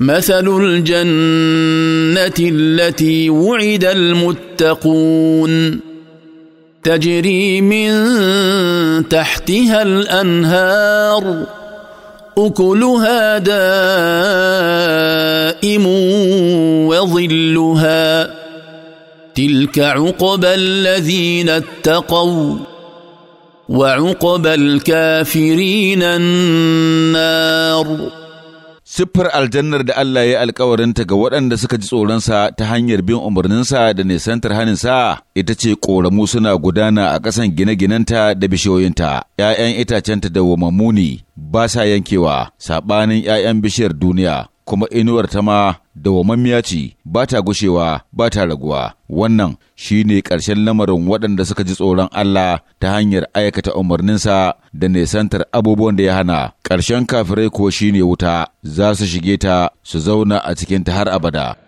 مثل الجنه التي وعد المتقون تجري من تحتها الانهار اكلها دائم وظلها تلك عقبى الذين اتقوا وعقبى الكافرين النار siffar aljannar da Allah ya yi alkawarinta ga waɗanda suka ji tsoronsa ta hanyar bin umarninsa da nisantar haninsa ita ce ƙoramu suna gudana a ƙasan gine-ginenta da bishiyoyinta, ‘ya'yan itacenta da wamamuni ba sa yankewa, saɓanin ‘ya'yan bishiyar duniya kuma inuwar ta ma mamiya ce ba ta gushewa ba ta raguwa wannan shi ne ƙarshen lamarin waɗanda suka ji tsoron Allah ta hanyar aikata umarninsa da nesantar abubuwan da ya hana ƙarshen kafirai kuwa shi ne wuta za su shige ta su zauna a cikinta har abada